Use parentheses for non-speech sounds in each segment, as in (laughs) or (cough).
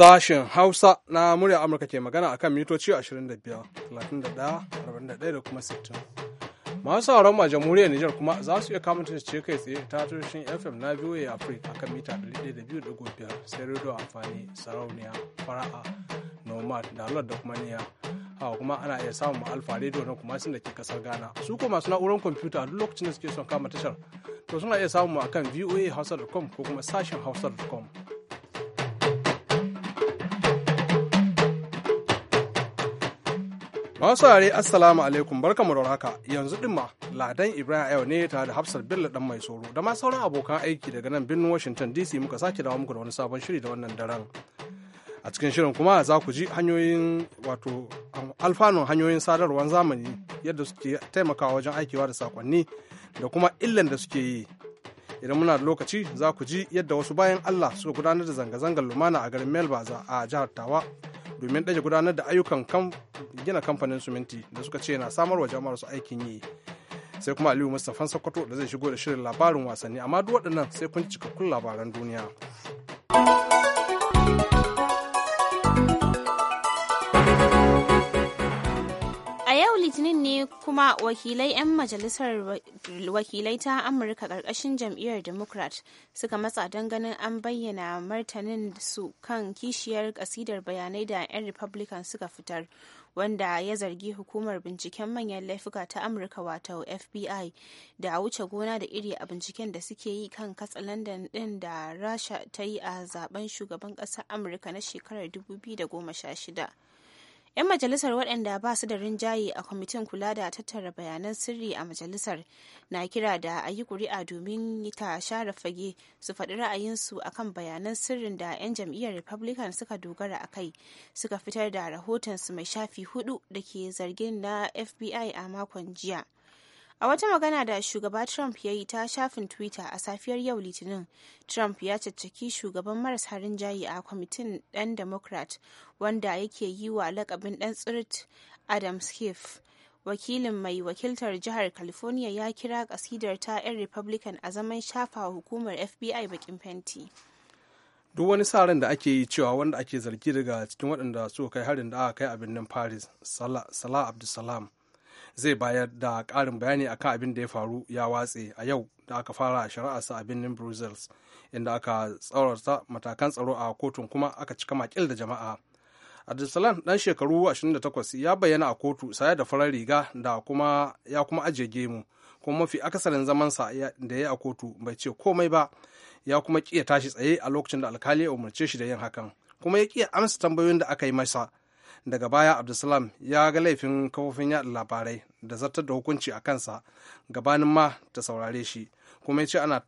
Sashen Hausa na murya Amurka ke magana a kan mitoci 25, 31, 41 da kuma 60. Masu sauran ma jamhuriyar Nijar kuma za su iya kamata ce kai tsaye ta tushen FM na VOA Africa a kan mita 102.5 sai rediyo amfani sarauniya fara'a nomad da da kuma niya. hawa kuma ana iya samun alfa rediyo na kuma sun da ke kasar ghana su kuma masu na'urar kwamfuta duk lokacin da suke son kama tashar to suna iya samun mu akan voahausa.com ko kuma sashen hausa.com Masu yare assalamu alaikum barkamu kamar haka yanzu din ma Ladan Ibrahim yau ne tare da Hafsat Bello dan mai soro da ma sauran abokan aiki daga nan birnin Washington DC muka sake dawo muku da wani sabon shiri da wannan daren. A cikin shirin kuma za ku ji hanyoyin wato alfanun hanyoyin sadarwar zamani yadda suke taimakawa wajen aikewa da sakonni da kuma illan da suke yi. Idan muna da lokaci za ku ji yadda wasu bayan Allah suka gudanar da zanga-zangar lumana a garin baza a jihar Tawa domin ɗage gudanar da ayyukan gina kamfanin suminti da suka ce na samarwa jama'ar su aikin yi sai kuma aliyu mustafan sokoto da zai shigo da shirin labarin wasanni amma duk waɗannan sai kun cikakkun labaran duniya. litinin ne kuma wakilai 'yan majalisar wakilai ta amurka ƙarƙashin jam'iyyar democrat suka matsa don ganin an bayyana martanin su kan kishiyar kasidar bayanai da 'yan republican suka fitar wanda ya zargi hukumar binciken manyan laifuka ta amurka wato fbi da a wuce gona da iri a binciken da suke yi kan katsalandan din da rasha ta yi a zaben shugaban ƙasar amurka na shekarar 2016 'Yan majalisar waɗanda ba su da rinjaye a kwamitin kula da tattara bayanan sirri a majalisar na kira da a yi kuri'a domin ta share fage su faɗi ra'ayinsu a kan bayanan sirrin da 'yan jam'iyyar Republican suka dogara a kai suka fitar da rahotonsu mai shafi hudu da ke zargin na FBI a makon jiya. A wata magana da shugaba Trump ya yi ta shafin Twitter a safiyar yau Litinin, Trump ya caccaki shugaban maras harin jayi a kwamitin ɗan Democrat wanda yake yi wa lakabin ɗan tsirt Adam Schiff. Wakilin mai wakiltar jihar California ya kira kasidar ta 'yan Republican a zaman shafa hukumar FBI bakin fenti. duk wani sa ran da ake yi cewa wanda ake zargi daga cikin waɗanda suka kai harin da aka kai a birnin paris salah abdulsalam zai bayar da ƙarin bayani a akan abin da ya faru ya watse a yau da aka fara shari'arsa a birnin brussels inda aka tsaurarta matakan tsaro a kotun kuma aka cika makil da jama'a abdulsalam dan shekaru 28 ya bayyana a kotu saye da farar riga da kuma ya kuma ajiye gemu kuma mafi akasarin zamansa da ya yi a kotu bai ce komai ba ya kuma kiya tashi tsaye a lokacin da alkali ya umarce shi da yin hakan kuma ya kiya amsa tambayoyin da aka yi masa daga baya abdulsalam ya ga laifin kafofin yada labarai da zartar da hukunci a kansa gabanin ma ta saurare shi kuma ya ce ana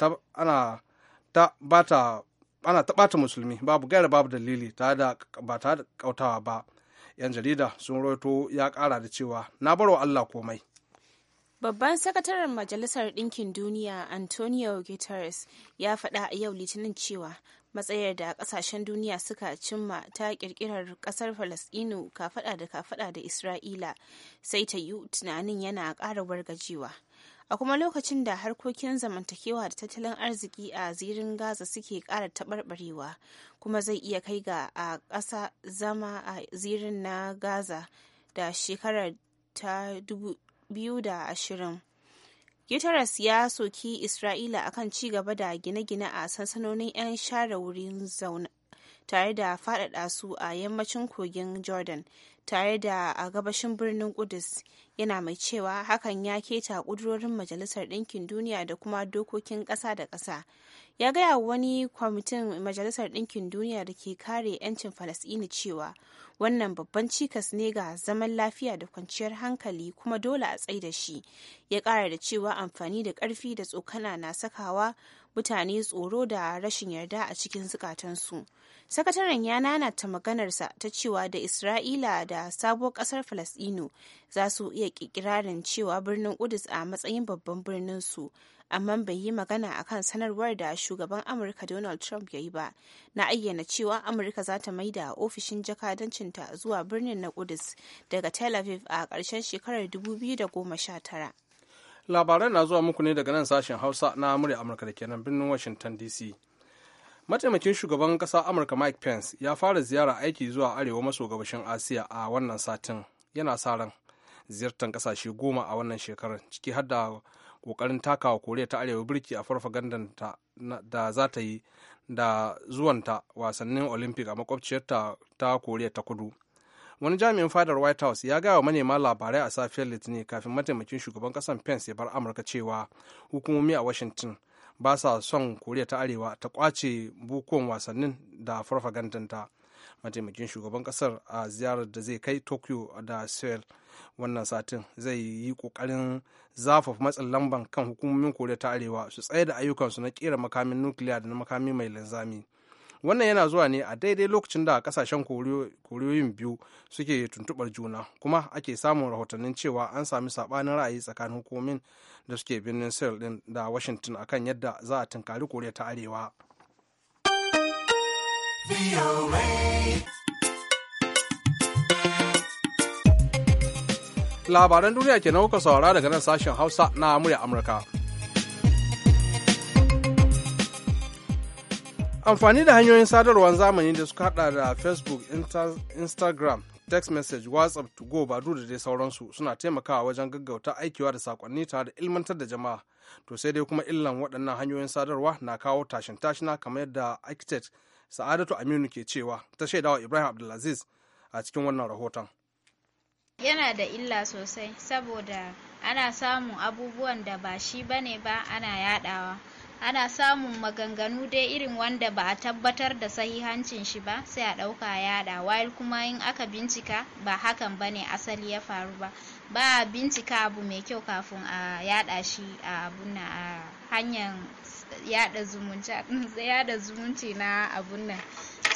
ta bata musulmi babu gaira babu dalili tare da ba tare da kautawa ba yan jarida sun roto ya kara da cewa na barwa allah komai Babban sakataren Majalisar Ɗinkin Duniya Antonio Guterres ya faɗa a yau Litinin cewa matsayar da kasashen duniya suka cimma ta kirkirar kasar falasdinu kafada da kafada da isra'ila sai ta yi tunanin yana ƙara wargajewa a kuma lokacin da harkokin zamantakewa da tattalin arziki a zirin gaza suke ƙara taɓarɓarewa kuma zai iya kai ga a ƙasa zama a zirin na gaza da shekarar ta 2020 gitaras ya soki Isra'ila akan ci gaba da gine-gine a sansanonin 'yan share wurin zauna tare da faɗaɗa su a yammacin kogin Jordan tare da a gabashin birnin Kudus yana mai cewa hakan ya keta ƙudurorin Majalisar Ɗinkin Duniya da kuma dokokin ƙasa da ƙasa ya gaya wani kwamitin majalisar ɗinkin duniya da ke kare 'yancin falasɗini cewa wannan babban cikas ne ga zaman lafiya da kwanciyar hankali kuma dole a tsai da shi ya ƙara da cewa amfani da ƙarfi da tsokana na sakawa mutane tsoro da rashin yarda a cikin zukatansu. Sakataren ya nanata maganarsa ta cewa da Isra'ila da sabuwar kasar Falasɗinu za su iya ƙirƙirarin cewa birnin Kudus a matsayin babban birnin su, amma bai yi magana a kan sanarwar da shugaban Amurka Donald Trump ya yi ba, na ayyana cewa Amurka za ta maida ofishin jakadancinta zuwa birnin na Kudus daga Tel Aviv a ƙarshen shekarar 2019. labaran na zuwa muku ne daga nan sashen hausa na murya amurka da kenan birnin washington dc mataimakin shugaban kasa amurka mike pence ya fara ziyara aiki zuwa arewa maso gabashin asiya a wannan satin yana sa ran ziyartar kasashe goma a wannan shekarar ciki har da kokarin takawa koriya ta arewa birki a farfa farfagandan da za ta yi da zuwanta wasannin olympic a makwabciyarta ta koriya ta kudu wani jami'in fadar white house ya gaya wa manema labarai a safiyar litinin kafin mataimakin shugaban kasan pence ya bar amurka cewa hukumomi a washington ba sa son koriya ta arewa ta kwace bukuwan wasannin da farfagandanta mataimakin shugaban kasar a ziyarar da zai kai tokyo da seoul wannan satin zai yi kokarin zafafa matsin lamban kan hukumomin koriya ta arewa su tsaye da ayyukansu na kera makamin nukiliya da na makami mai linzami wannan yana zuwa ne a daidai lokacin da kasashen koriyoyin biyu suke tuntubar juna kuma ake samun rahotannin cewa an sami sabanin ra'ayi tsakanin hukumin da suke birnin seoul din da washington kan yadda za a tunkari koriya ta arewa labaran duniya ke kuka saurara daga nan sashen hausa na murya amurka amfani da hanyoyin sadarwar zamani da suka hada da facebook instagram text message whatsapp to go badu da dai sauransu suna taimakawa wajen gaggauta aikiwa da sakonni tare da ilmantar da jama'a to sai dai kuma illan waɗannan hanyoyin sadarwa na kawo tashin tashina kamar yadda architect sa'adatu aminu ke cewa ta shaidawa ibrahim abdulaziz a cikin wannan rahoton yana da illa sosai saboda ana samun abubuwan da ba shi bane ba ana yadawa ana samun maganganu dai irin wanda ba a tabbatar da sahihancin shi ba sai a ɗauka yaɗa while kuma in aka bincika ba hakan ba ne asali ya faru ba ba a bincika abu mai kyau kafin a yaɗa shi a a hanyar yada (laughs) zumunci na abun nan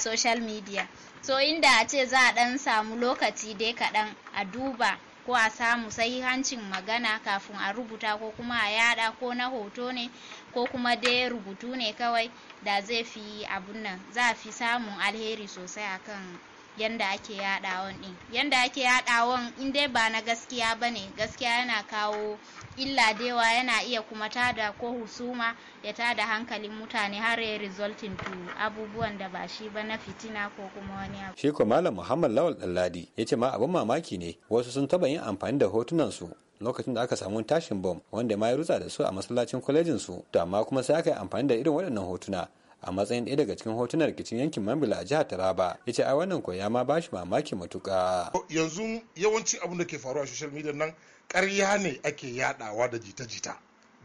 social media so inda a ce za a ɗan samu lokaci dai kaɗan a duba ko a samu sahihancin magana kafin a rubuta ko kuma a yada ko na hoto ne ko kuma dai rubutu ne kawai da zai fi abun nan za a fi samun alheri sosai akan yanda ake yaɗawan din yanda ake yaɗawan in dai ba na gaskiya ba ne gaskiya yana kawo illa dewa yana iya kuma tada ko husuma ya tada hankalin mutane har ya resultin to abubuwan da ba shi ba na fitina ko kuma wani abu shi malam muhammad lawal ɗanladi ya ce ma abin mamaki ne wasu sun taba yin amfani da hotunan su lokacin da aka samu tashin bom wanda ma ya rutsa da su a masallacin kwalejin su to amma kuma sai aka yi amfani da irin waɗannan hotuna a matsayin ɗaya daga cikin hotunan rikicin yankin mambila a jihar taraba ya ce a wannan koya ma ba shi mamaki matuƙa. yanzu yawanci abin da ke faruwa a social media nan karya ne ake yaɗawa da jita-jita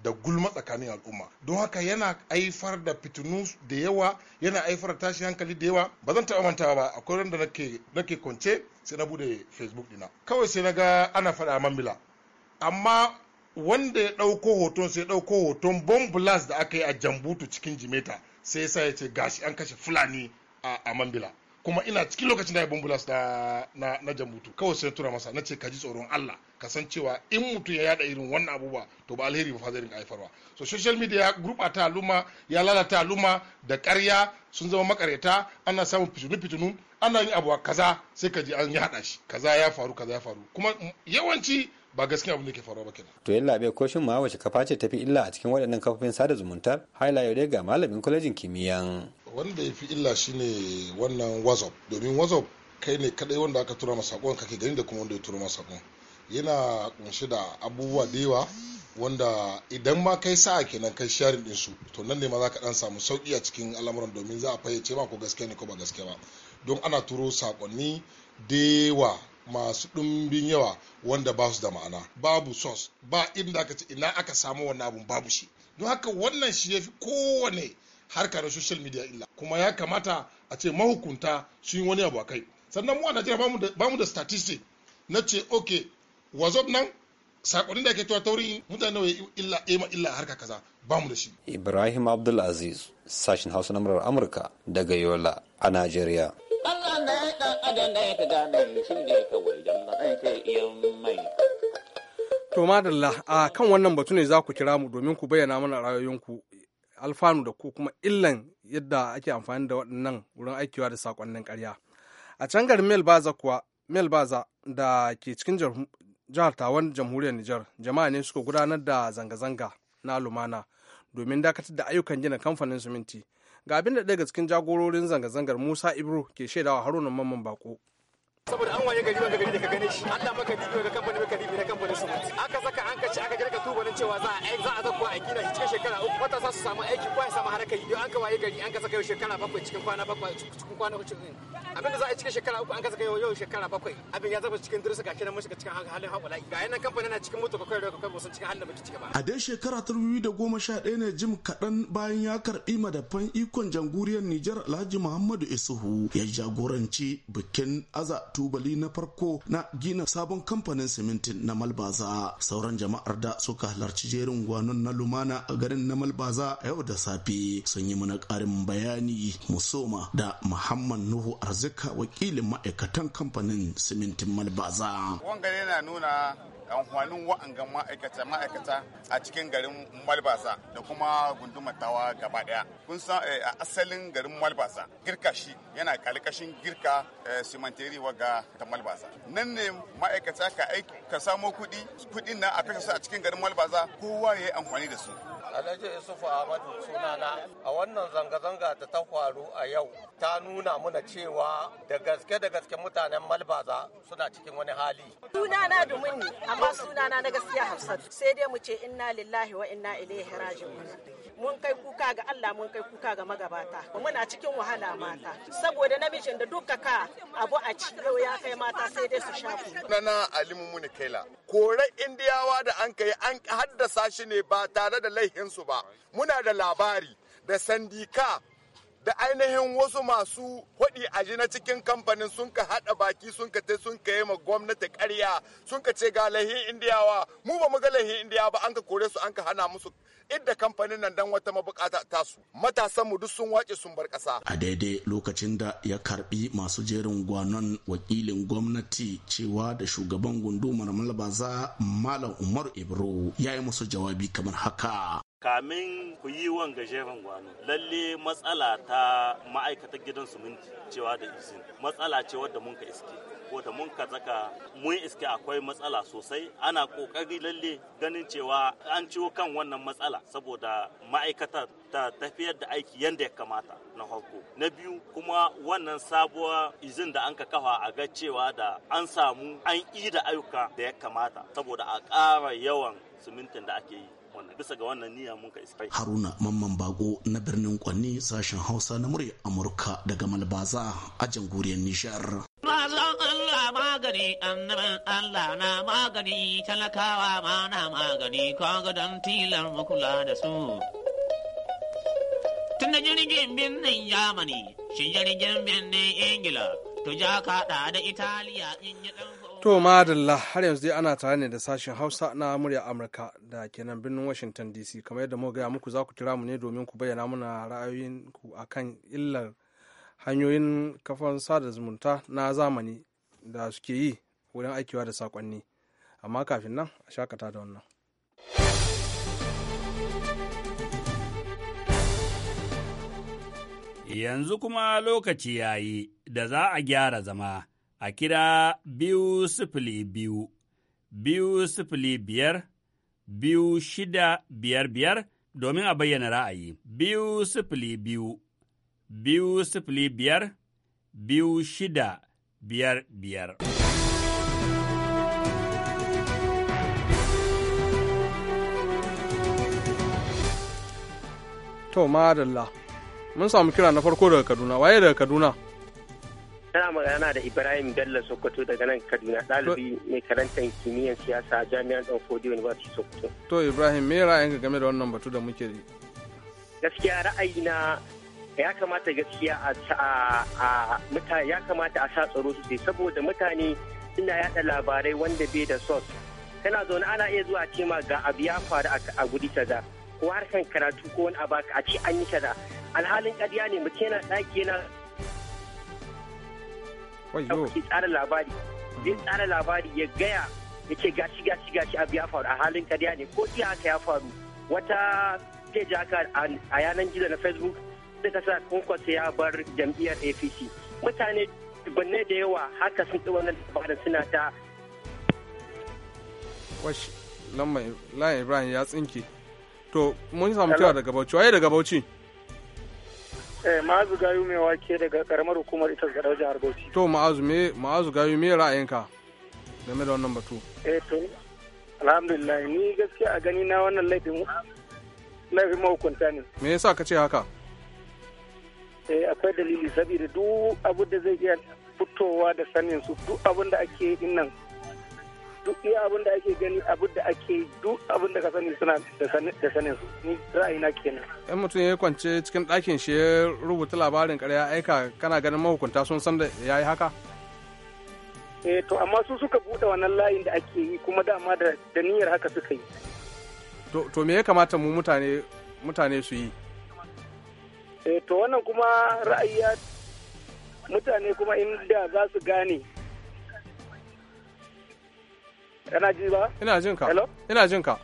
da gulma tsakanin al'umma don haka yana aifar da fitinu da yawa yana aifar da tashin hankali da yawa ba zan taɓa mantawa ba akwai wanda nake nake kwance sai na bude facebook dina kawai sai na ga ana faɗa mambila amma wanda ya ɗauko hoton sai ɗauko hoton bomb blast da aka yi a jambutu cikin jimeta sai sa ya ce gashi an kashe fulani a mambila kuma ina cikin lokacin da ya bomb blast na, na, jambutu kawai sai tura masa na ce ka ji tsoron allah ka cewa in mutum ya yada irin wannan abubuwa to ba alheri ba fa zai rinka haifarwa so social media ya ta al'umma ya lalata al'umma da ƙarya sun zama makareta ana samun fitinu-fitinu ana yin abuwa kaza sai ka ji an yada shi kaza ya faru kaza ya faru kuma yawanci ba gaskiya abin da ke faruwa ba kenan to yalla bai ko shin ma wace kafa ce tafi illa a cikin waɗannan kafofin sada zumunta haila yau dai ga malamin kwalejin kimiyya. wanda ya fi illa shine wannan whatsapp domin whatsapp kai ne kadai wanda aka tura masa sakon kake gani da kuma wanda ya tura masa sakon yana kunshe da abubuwa da yawa wanda idan ma kai sa'a kenan kai sharing din su to nan ne ma za ka dan samu sauki a cikin al'amuran domin za a fayyace ma ko gaskiya ne ko ba gaskiya ba don ana turo sakonni dewa masu ɗumbin yawa wanda ba su da ma'ana babu sos. ba inda aka ce ina aka samu wannan abun babu shi don haka wannan shi ya fi kowane harka na social media illa kuma ya kamata a ce mahukunta sun yi wani abu a kai sannan mu a najeriya ba mu da statistic na ce ok wazop nan sakonin da ke tuwa tauri mutane ya illa ema eh, illa harka kaza ba mu da shi ibrahim abdulaziz sashen hausa na murar amurka daga yola a najeriya da ne ka gane shi ne kawai iya mai. To madalla a kan wannan batu ne za ku kira mu domin ku bayyana mana ra'ayoyinku alfanu da ko kuma illan yadda ake amfani da waɗannan wurin aikiwa da sakonnin ƙarya. A can garin Melbaza kuwa Melbaza da ke cikin jihar Tawan jamhuriyar Nijar jama'a ne suka gudanar da zanga-zanga na lumana domin dakatar da ayyukan gina kamfanin siminti. ga abin da daga cikin jagororin zanga-zangar musa ibro ke shaidawa haruna mamman bako saboda an waye gari wanda gari da ka gane shi Allah maka dibi ga kamfani maka dibi na kamfani su aka saka an kace aka jirka nan cewa za a za a zakwa a kina cikin shekara uku wata za su samu aiki ko ya samu harkar yi an ka waye gari an ka saka yau shekara bakwai cikin kwana bakwai cikin kwana uku abinda za a yi cikin shekara uku an ka saka yau shekara bakwai abin ya zama cikin dirisa ga kina mun cikin halin haƙula ga yana kamfani na cikin mutu bakwai da bakwai musan cikin halin da muke ciki ba a dai shekara ta dubu da goma sha ɗaya ne jim kaɗan bayan ya karɓi madafan ikon janguriyar Nijar Alhaji Muhammadu Isuhu ya jagoranci bikin aza tubali na farko na gina sabon kamfanin simintin na malbaza sauran jama'ar da suka halarci jerin gwanon na lumana a garin na malbaza a yau da safe sun yi mana karin bayani musoma da muhammad nuhu arzika wakilin ma'aikatan kamfanin simintin malbaza yana nuna amfanin wa'angan ma'aikata ma'aikata a cikin garin malbasa da kuma gundumar tawa gaba daya kun san eh, a asalin garin malbasa girka shi yana kalkashin girka simantiri eh, wa shiga ta malbaza nan ne ma'aikata ka aiki ka samo kuɗi kuɗin nan a kashe su a cikin garin malbaza kowa ya yi amfani da su alhaji yusufu ahmadu sunana a wannan zanga-zanga da ta faru a yau ta nuna mana cewa da gaske da gaske mutanen malbaza suna cikin wani hali sunana domin ne amma sunana na gaskiya hafsat sai dai mu ce inna lillahi wa inna ilaihi raji'un mun kai kuka ga Allah mun kai kuka ga magabata muna cikin wahala mata saboda namijin da duka ka abu a cikin ya kai mata sai dai su shafu nana alimu muni kaila kore indiyawa da an kai an haddasa shi ne ba tare da laihinsu ba muna da labari da sandika da ainihin wasu masu hudi a na cikin kamfanin sun ka hada baki sun ka te sun ka yi ma gwamnati karya sun ka ce ga lahin indiyawa mu ba mu ga lahin indiyawa ba an ka kore su an ka hana musu idda kamfanin nan dan wata mabukata tasu matasan mu duk sun wace sun bar kasa a daidai lokacin da ya karbi masu jerin gwanon wakilin gwamnati cewa da shugaban gundumar baza malam umar ibro ya yi musu jawabi kamar haka kamin ku yi wanga jerin gwanon, lalle matsala ta ma'aikatar gidan suminti cewa da izini matsala ce wadda mun ka iske ko mun ka zaka mun iske akwai matsala sosai ana kokari lalle ganin cewa an ciwo kan wannan matsala saboda ma'aikatar ta tafiyar da aiki yadda ya kamata na farko na biyu kuma wannan sabuwar izin da an ka kafa a ga cewa da an samu an yi da ayyuka da ya kamata saboda a ƙara yawan simintin da ake yi wannan bisa ga wannan niyya mun kai Haruna Mamman Bago na birnin Kwanni sashen Hausa na murya Amurka daga Malbaza a jangurin nishar Mazan Allah magani, annaban Allah na magani, talakawa ma na magani, kaga don tilar makula da su. tunda jirgin birnin Yamani, shi jirgin birnin Ingila, to ja kaɗa da Italiya in yi To madalla har yanzu dai ana tare ne da sashen Hausa na murya Amurka da kenan birnin Washington DC kamar yadda muka gaya muku za ku kira mu ne domin ku bayyana mana ra'ayoyinku akan illar hanyoyin kafan sada zumunta na zamani da suke yi wurin aikiwa da sakonni amma kafin nan a shakata da wannan yanzu kuma lokaci ya yi da za a gyara zama a kira biyu sifili biyu biyu sifili biyar biyu shida biyar biyar domin a bayyana ra'ayi biyu sifili biyu biyu sifili biyar biyu shida biyar biyar. To madalla mun samu kira na farko daga Kaduna waye daga Kaduna? Tana magana da Ibrahim Bello Sokoto daga nan Kaduna ɗalibi mai karantar kimiyyar siyasa a jami'ar Danfodi University Sokoto. To Ibrahim me ra'ayinka game da wannan batu da muke yi? Gaskiya ra'ayina ya kamata gaskiya a ya kamata a sa tsaro sosai saboda mutane suna yada labarai wanda bai da sos kana zaune ana iya zuwa ce ma ga abu ya faru a guri kaza ko harkan karatu ko wani abu a ce an yi kaza alhalin ƙarya ne mutum yana ɗaki yana ɗauki tsara labari zai tsara labari ya gaya ya ce gashi gashi gashi abu ya faru a halin ƙarya ne ko iya haka ya faru wata ke jaka a yanan gizo na facebook da ta sa kwankwas ya bar jam'iyyar apc mutane banne da yawa haka sun ɗi wannan dabarar suna ta wash layin ibrahim ya tsinke to mun samu kira daga bauchi waye daga bauchi eh ma'azu gayu mai wake daga karamar hukumar ita ga jihar bauchi to ma'azu me ma'azu gayu me ra'ayinka game da wannan batu eh to alhamdulillah ni gaskiya a gani na wannan laifin laifin mahukunta ne me yasa ka ce haka Eh, akwai dalili saboda duk abin da zai iya fitowa da sanin su duk abin da ake yi nan duk iya abin da ake gani abin da ake yi duk abin da ka sani suna da sanin su ni na kenan yan mutum ya kwance cikin ɗakin shi ya rubuta labarin ƙarya aika kana ganin mahukunta sun san da ya yi haka eh to amma su suka buɗe wannan layin da ake yi kuma dama da niyyar haka suka yi to me ya kamata mu mutane mutane su yi eh to wannan kuma ra'ayi mutane kuma inda za su gane kana ji ba ina jin ka hello ina jin ka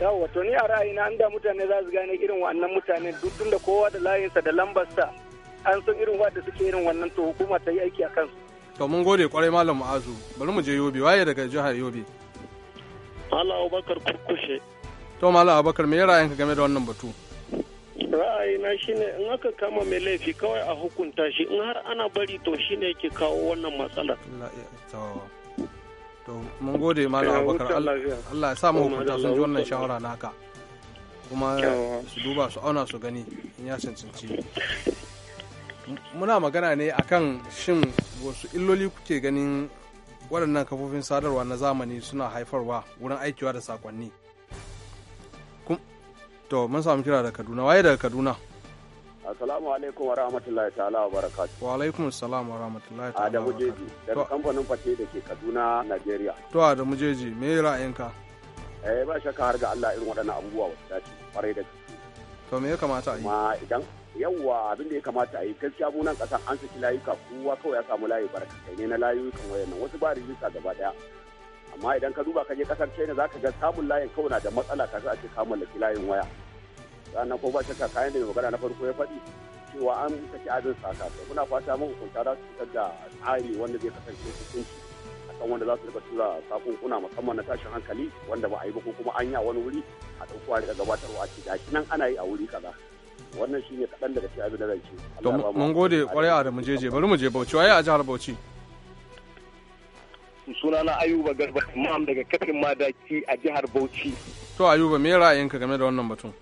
yawa to ni a ra'ayina inda mutane za su gane irin wannan mutane duk tunda kowa da layinsa da lambarsa an san irin wadda suke irin wannan to hukuma ta yi aiki a kansu to mun gode kwarai malam mu'azu bari mu je yobe waye daga jihar yobe Allah Abubakar kurkushe to malam Abubakar me ra'ayinka game da wannan batu ra'ayina shine in aka kama mai laifi kawai a hukunta shi in har ana bari to shine yake kawo wannan matsala to mun gode malam abubakar Allah ya sa mu hukunta sun ji wannan shawara naka kuma su duba su auna su gani in ya cancanci muna magana ne akan shin wasu illoli kuke ganin waɗannan kafofin sadarwa na zamani suna haifarwa wurin aikiwa da sakonni. to mun samu kira da kaduna waye daga kaduna Assalamu alaikum wa rahmatullahi ta'ala wa barakatuh. Wa alaikum assalam wa rahmatullahi ta'ala. Adamu Jeji daga kamfanin fate da ke Kaduna, nigeria To Adamu Jeji, me ra'ayinka? Eh ba shakka har ga Allah irin waɗannan abubuwa wasu dace kwarai da gaske. To me ya kamata a yi? Ma idan yawwa abin da ya kamata a yi gaskiya mu nan ƙasar an saki layuka kowa kawai ya samu layi barkatai ne na layukan wayannan wasu ba rijista gaba daya. amma idan ka duba ka je kasar china za ka ga samun layin kawai na da matsala ta a ce ka laki layin waya sannan ko ba shakka kayan da mai magana na farko ya faɗi cewa an saki abin tsaka to muna fata hukunta za su fitar da tsari wanda zai kasance hukunci akan wanda za su rika tura sakunkuna musamman na tashin hankali wanda ba a yi ba ko kuma an ya wani wuri a ɗauko a gabatarwa a ce gashi nan ana yi a wuri kaza wannan shine kaɗan daga cikin abin da zan ce. to mun gode kwarai a da mu je bari mu je bauchi waye a jihar bauchi. sunana ayuba garba imam daga kafin madaki a jihar bauchi to ayuba me ra'ayinka game da wannan batun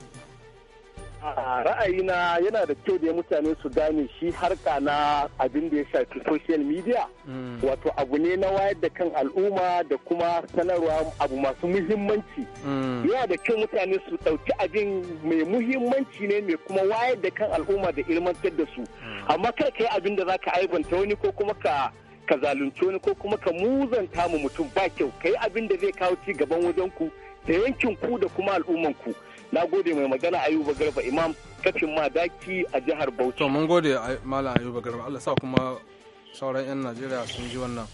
ra'ayina yana da kyau da mutane su gane shi harka na abin da ya shafi social media hmm. wato abu ne na wayar da kan al'umma da kuma sanarwa abu masu muhimmanci hmm. yana da kyau mutane su ɗauki abin mai muhimmanci ne mai kuma wayar da kan al'umma da ilmantar da su hmm. amma kai abin da za ka aibanta wani ko kuma ka ka zalunce wani ko kuma ka muzanta mu mutum ba kyau ka yi abin da zai kawo ci gaban wajen ku da yankin ku da kuma al'umman ku na gode mai magana ayuba garba imam kafin ma daki a jihar bauchi to mun gode malam ayuba garba Allah sa kuma sauran yan Najeriya sun ji wannan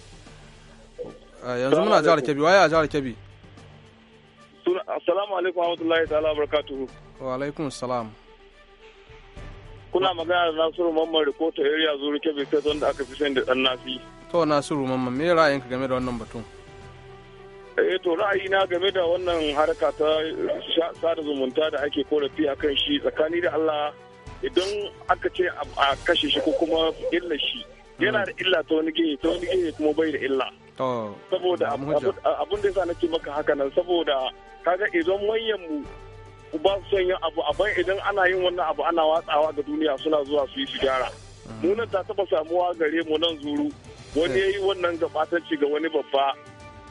yanzu muna jihar Kebbi waye a jihar Kebbi Assalamu alaikum warahmatullahi ta'ala barakatuhu wa alaikum salam kuna magana da Nasiru Mamman Rikoto area Zuru Kebbi sai da aka fi sani da dan Nafi to nasiru mamman me ra'ayinka game da wannan batun eh to ra'ayina game da wannan harka ta sada zumunta da ake korafi a kan shi tsakani da Allah idan aka ce a kashe shi ko kuma illa shi yana da illa ta wani gini ta wani gini kuma bai da illa saboda abin da yasa nake maka haka nan saboda kaga idan manyan mu ba su son yin abu a ban idan ana yin wannan abu ana watsawa ga duniya suna zuwa su yi su gyara mm. mu nan ta taba samuwa gare mu nan zuru wani ya yi wannan gabatanci ga wani babba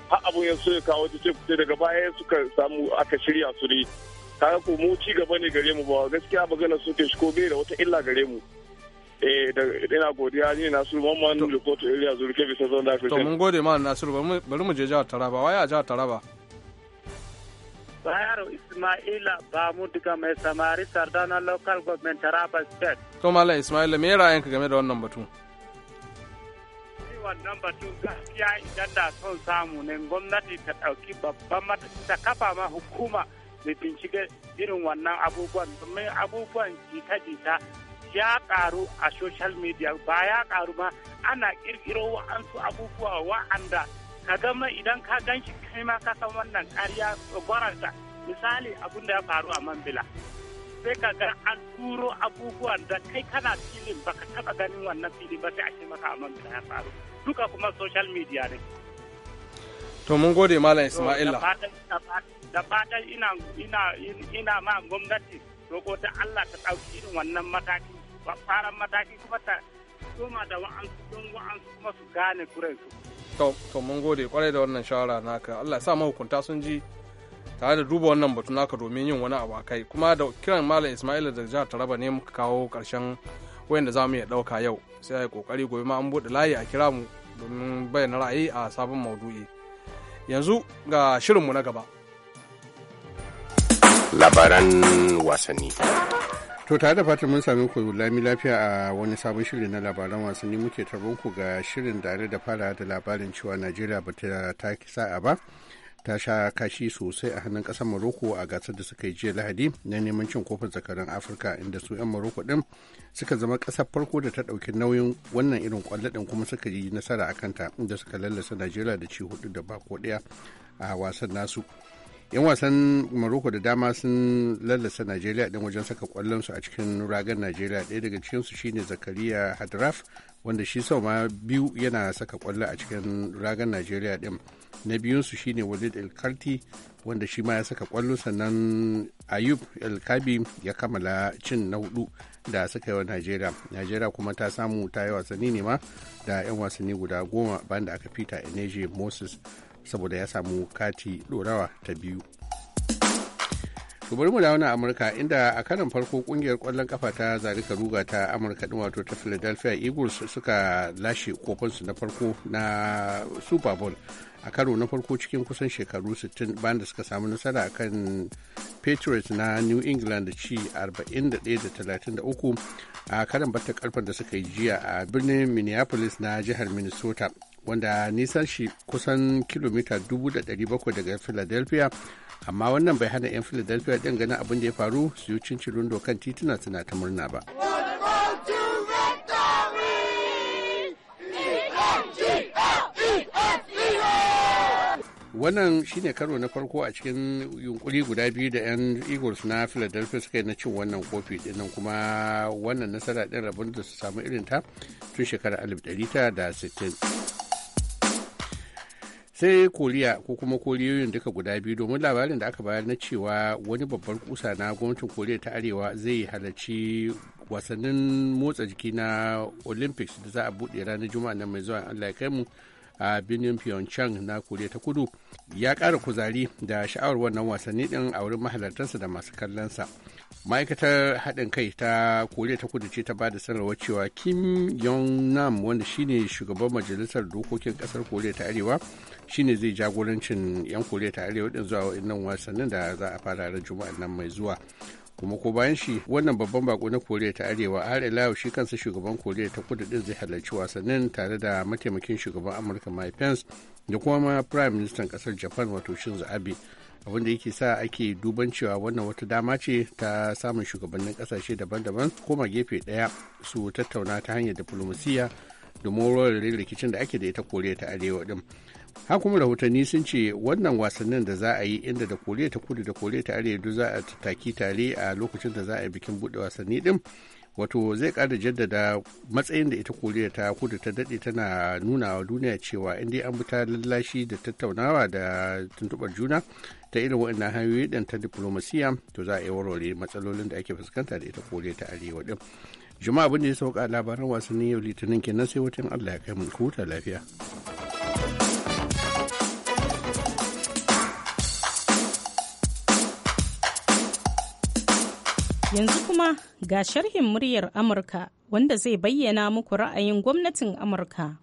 har abun ya so ya kawo ce kuce daga baya suka samu aka shirya su ne kaga ko mu ci gaba ne gare mu ba gaskiya magana su ke shiko bai da wata illa gare mu eh da ina godiya ne na su mamman rikoto area zurke bisa zon da to mun gode ma nasiru bari mu je jihar taraba waya jihar taraba Bayaro Ismaila Bamu daga mai samari Sardana Local Government Taraba State. To Mala Ismaila me ra'ayinka game da wannan batu? wannan batun gaskiya idan da son samu ne gwamnati ta ɗauki babban mataki ta kafa ma hukuma mai bincike irin wannan abubuwan domin abubuwan jita-jita ya ƙaru a social media ba ya ƙaru ma ana ƙirƙiro wa'ansu abubuwa wa'anda ka gama idan ka gan shi kai ma ka san wannan ƙarya gwararta misali abun da ya faru a mambila sai ka ga an turo abubuwan da kai kana filin baka taɓa ganin wannan fili ba sai a ce maka a mambila ya faru duka kuma social media ne to mun gode malam ismaila da fatan ina ina ina ma gwamnati roko ta Allah ta ɗauki irin wannan mataki fara mataki kuma ta koma da wa'ansu don wa'ansu kuma su gane su. to to mun gode kwarai da wannan shawara naka Allah ya sa mahukunta sun ji tare da duba wannan batu naka domin yin wani abu kai kuma da kiran malam ismaila da jihar taraba ne muka kawo karshen wayan da za mu iya ɗauka yau sai a yi ƙoƙari gobe ma an buɗe layi a kira mu domin bayyana ra'ayi a sabon maudu'i yanzu ga shirinmu na gaba labaran wasanni to tare da fatan mun sami ku lami lafiya a wani sabon shiri na labaran wasanni muke tarbon ku ga shirin tare da fara da labarin cewa najeriya ba ta ta sa'a ba ta sha kashi sosai a hannun kasar Morocco a gasar da suka yi jiya Lahadi na neman cin kofin zakaran Afirka inda su 'yan Morocco din suka zama kasar farko da ta ɗauki nauyin wannan irin kwallo din kuma suka yi nasara a kanta inda suka lallasa Najeriya da ci hudu da bako ɗaya a wasan nasu. 'yan wasan Morocco da dama sun lallasa Najeriya din wajen saka kwallon su a cikin ragan Najeriya ɗaya daga cikin su shine Zakariya Hadraf wanda shi sau ma biyu yana saka kwallo a cikin ragan Najeriya din. na biyunsu shine walid elkarti wanda shi ma ya saka kwallo sannan ayub elkabi ya kammala cin na hudu da suka yi wa najeriya najeriya kuma ta samu ta yi wasanni ne ma da 'yan wasanni guda goma banda aka fita eneje moses saboda ya samu kati dorawa ta biyu bari mu na amurka inda a karan farko kungiyar kwallon kafa ta zarika ruga ta amurka din wato ta philadelphia eagles suka lashe kofinsu na farko na super bowl a karo na farko cikin kusan shekaru 60 bayan da suka samu nasara a kan patriots na new england da ci 41-33 a karan batta karfar da suka yi jiya a birnin minneapolis na jihar minnesota wanda nisan shi kusan kilomita 700 daga philadelphia amma wannan bai hana 'yan philadelphia din ganin abin da ya faru su yi cincirin kan tituna suna ta murna ba. wannan shine karo na farko a cikin yunkuri guda biyu da 'yan eagles na philadelphia suka yi na cin wannan kofi dinnan kuma wannan nasara din rabon da su samu irin ta tun shekarar 1960 sai koriya ko kuma koriyoyin duka guda biyu domin labarin da aka bayar na cewa wani babbar kusa na gwamnatin koriya ta arewa zai halarci wasannin motsa jiki na olympics da za a buɗe ranar juma'a na mai zuwa allah ya kai mu a birnin pyeongchang na koriya ta kudu ya kara kuzari da sha'awar wannan wasanni din a wurin mahalartarsa da masu kallonsa ma'aikatar haɗin kai ta koriya ta kudu ce ta ba da sanarwar cewa kim yong nam wanda shine shugaban majalisar dokokin kasar koriya ta arewa shine zai jagorancin 'yan koriya ta arewa din zuwa nan wasannin da za a fara ran juma'ar nan mai zuwa kuma ko bayan shi wannan babban bako na koriya ta arewa har ila shi kansa shugaban koriya ta kudu din zai halarci wasannin tare da mataimakin shugaban amurka mike pence da kuma ma prime minister kasar japan wato shinzo abe abin da yake sa ake duban cewa wannan wata dama ce ta samun shugabannin kasashe daban-daban koma gefe daya su tattauna ta hanyar diplomasiya domin rawar rikicin da ake da ita koriya ta arewa din kuma rahotanni sun ce wannan wasannin da za a yi inda da koriya ta kudu da koriya ta arewa za a taki tare a lokacin da za a yi bikin buɗe wasanni din wato zai kada jaddada matsayin da ita koriya ta kudu ta dade tana nuna wa duniya cewa inda an bi ta lallashi da tattaunawa da tuntubar juna ta irin waɗannan hanyoyi ɗin ta diplomasiya to za a yi warware matsalolin da ake fuskanta da ita koriya ta arewa din juma'a abin da ya sauka labaran wasannin yau litinin kenan sai watan allah ya kai mu huta lafiya. Yanzu kuma ga sharhin muryar Amurka wanda zai bayyana muku ra'ayin gwamnatin Amurka.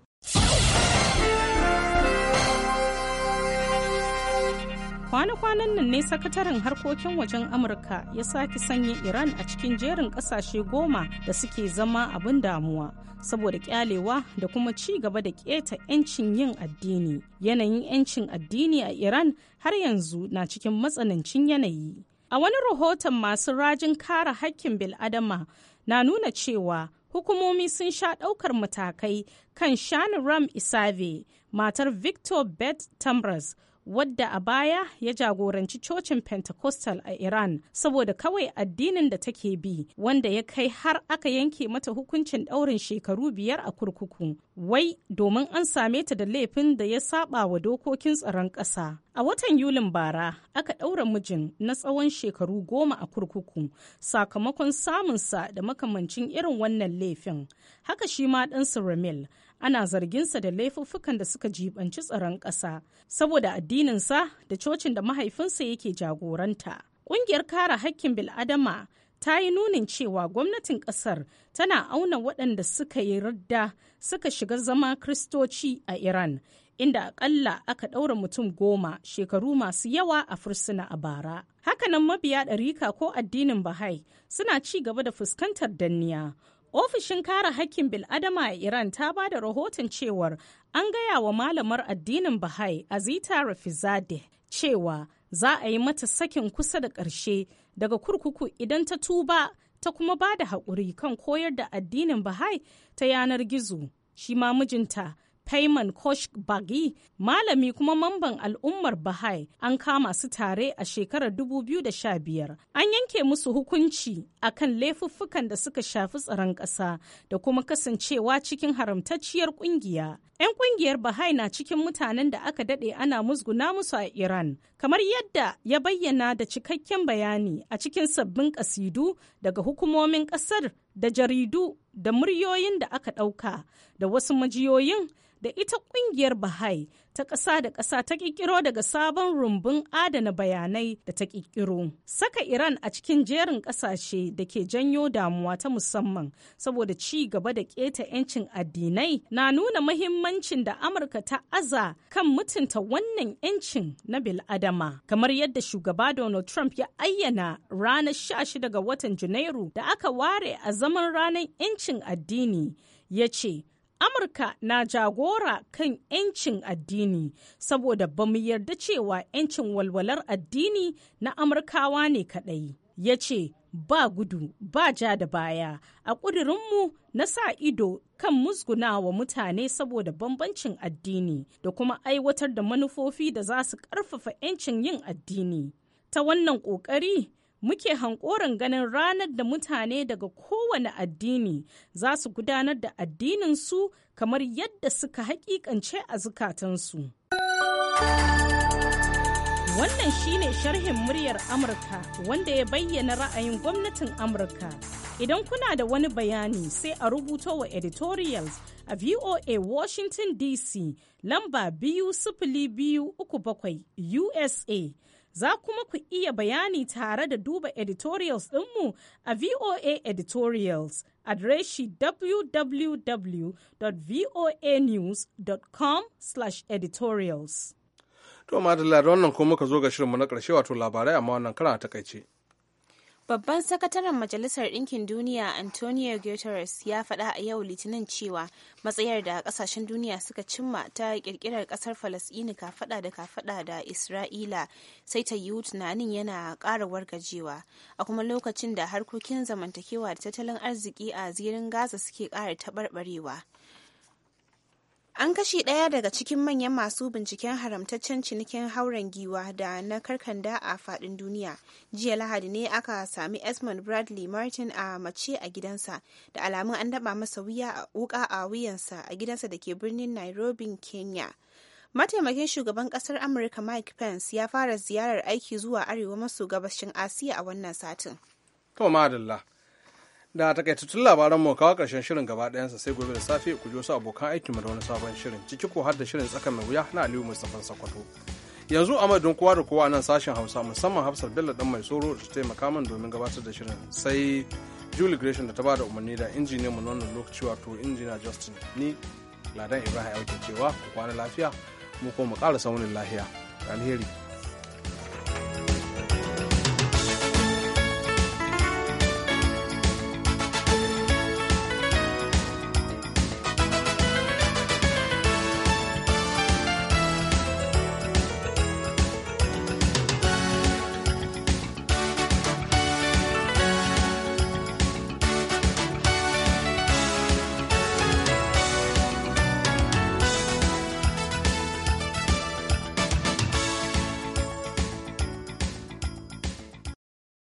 Kwana-kwanan nan ne sakataren harkokin wajen Amurka ya sake sanya Iran a cikin jerin kasashe goma da suke zama abin damuwa saboda kyalewa da kuma ci gaba da keta 'yancin yin addini. Yanayin 'yancin addini a Iran har yanzu na cikin matsanancin yanayi. A wani rahoton masu rajin kare hakkin bil'adama na nuna cewa hukumomi sun sha ɗaukar matakai kan Shani Ram Isave, matar Victor Beth Tamras, wadda a baya ya jagoranci cocin Pentecostal a Iran saboda kawai addinin da take bi wanda ya kai har aka yanke mata hukuncin ɗaurin shekaru biyar a kurkuku, wai domin an same ta da laifin da ya saba wa dokokin tsaron ƙasa. A watan Yulin bara aka ɗaura mijin na tsawon shekaru goma a kurkuku sakamakon samunsa da makamancin irin wannan laifin. Haka shi ma ɗansa Ramil ana zarginsa da laifuffukan da suka jibanci tsaron ƙasa saboda addininsa da cocin da mahaifinsa yake jagoranta. Ƙungiyar kare haƙƙin bil'adama ta yi nunin cewa gwamnatin ƙasar tana auna waɗanda suka yi radda suka shiga zama kristoci a Iran inda akalla aka ɗaura mutum goma shekaru masu yawa a fursuna a bara. Hakanan mabiya ɗarika ko addinin Bahai suna ci gaba da fuskantar danniya. Ofishin kare hakkin bil'adama a Iran ta ba da rahoton cewar an gaya wa malamar addinin Bahai Azita Rafizadeh cewa za a yi mata sakin kusa da ƙarshe daga kurkuku idan ta tuba ta kuma ba da haƙuri kan koyar da addinin Bahai ta yanar gizo. Shi ma mijinta Payman Kosh Bagi, malami kuma mamban al'ummar Bahai an kama su tare a shekarar 2015. An yanke musu hukunci a kan laifuffukan da suka shafi tsaron ƙasa da kuma kasancewa cikin haramtacciyar ƙungiya. 'Yan ƙungiyar Bahai na cikin mutanen da aka daɗe ana musguna musu a Iran, kamar yadda ya bayyana da cikakken bayani a cikin sabbin ƙasidu daga hukumomin ƙasar da jaridu da muryoyin da aka ɗauka da wasu majiyoyin da ita ƙungiyar Bahai ta ƙasa da ƙasa ta ƙirƙiro daga sabon rumbun adana bayanai da ta ƙirƙiro. Saka Iran a cikin jerin ƙasashe da ke janyo damuwa ta musamman saboda ci gaba da keta 'yancin addinai na nuna mahimmancin da Amurka ta aza kan mutunta wannan 'yancin na bil'adama. Kamar yadda shugaba Donald Trump ya ayyana ranar 16 ga watan Janairu da aka ware a zaman ranar 'yancin addini ya ce Amurka na jagora kan 'yancin addini saboda ba mu yarda cewa 'yancin walwalar addini na Amurkawa ne kaɗai. Ya ce, ba gudu, ba ja da baya, a ƙudurinmu na sa ido kan wa mutane saboda bambancin addini da kuma aiwatar da manufofi da za su ƙarfafa 'yancin yin addini. Ta wannan ƙoƙari, muke hankorin ganin ranar da mutane daga kowane addini za su gudanar da addininsu kamar yadda suka hakikance a zukatansu. Wannan shine sharhin muryar Amurka wanda ya bayyana ra'ayin gwamnatin Amurka. Idan kuna da wani bayani sai a rubuto wa editorials a VOA Washington DC lamba biyu sifili biyu uku bakwai USA. Za kuma ku iya bayani tare da duba editorials ɗinmu a VOA editorials adreshi www.voanews.com/editorials. To madalla da wannan kuma muka zo ga shirinmu na ƙarshe wato labarai amma wannan kana a takaice. Babban sakataren Majalisar Ɗinkin Duniya Antonio Guterres ya faɗa a yau Litinin cewa matsayar da ƙasashen duniya suka cimma ta ƙirƙirar ƙasar Falasɗini kafaɗa da kafaɗa da Isra'ila sai ta yiwu tunanin yana ƙara wargajewa a kuma lokacin da harkokin zamantakewa da tattalin arziki a zirin Gaza suke ƙara taɓarɓarewa. An kashe ɗaya daga cikin manyan masu binciken haramtaccen cinikin hauren giwa da na karkanda a faɗin duniya. Jiya Lahadi ne aka sami Esmond Bradley Martin a mace a gidansa, da alamun an daba masa wuya a wuyansa a gidansa da ke birnin Nairobi, Kenya. Mataimakin shugaban ƙasar Amurka Mike Pence ya fara ziyarar aiki zuwa arewa maso gabashin Asiya a wannan satin. To madalla. da takaitattun labaran mu kawo karshen shirin gaba sa sai gobe da safe ku ji wasu abokan aikin mu da wani sabon shirin ciki ko har da shirin tsakan mai wuya na Aliyu Mustapha Sokoto yanzu a madadin kowa da kowa nan sashen Hausa musamman hafsar Bello dan mai tsoro da taimaka min domin gabatar da shirin sai Julie Gresham da ta bada umarni da injiniyan mu wannan lokaci wato injiniya Justin ni Ladan Ibrahim Auke cewa ku kwana lafiya mu ko mu ƙara saunin lahiya alheri